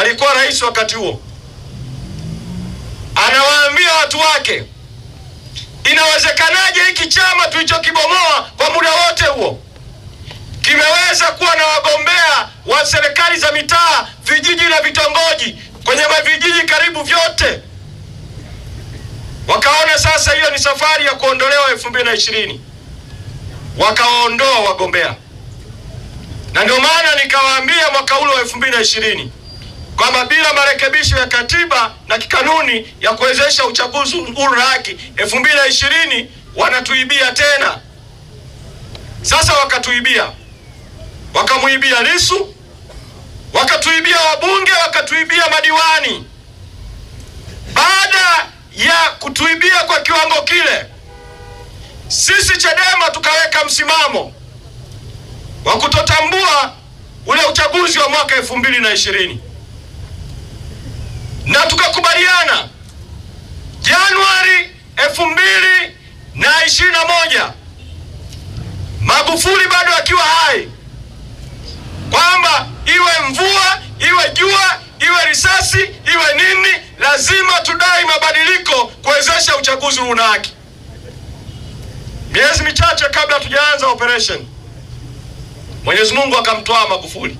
alikuwa rais wakati huo, anawaambia watu wake, inawezekanaje hiki chama tulichokibomoa kwa muda wote huo kimeweza kuwa na wagombea wa serikali za mitaa, vijiji na vitongoji, kwenye vijiji karibu vyote. Wakaona sasa hiyo ni safari ya kuondolewa elfu mbili na ishirini, wakawaondoa wagombea, na ndio maana nikawaambia mwaka ule wa elfu mbili na ishirini kwamba bila marekebisho ya katiba na kikanuni ya kuwezesha uchaguzi huru na haki elfu mbili na ishirini wanatuibia tena. Sasa wakatuibia, wakamuibia Lisu, wakatuibia wabunge, wakatuibia madiwani. Baada ya kutuibia kwa kiwango kile, sisi Chadema tukaweka msimamo wa kutotambua ule uchaguzi wa mwaka elfu mbili na ishirini na tukakubaliana Januari elfu mbili na ishirini na moja Magufuli bado akiwa hai kwamba iwe mvua iwe jua iwe risasi iwe nini, lazima tudai mabadiliko kuwezesha uchaguzi una haki. Miezi michache kabla tujaanza operation, Mwenyezi Mungu akamtoa Magufuli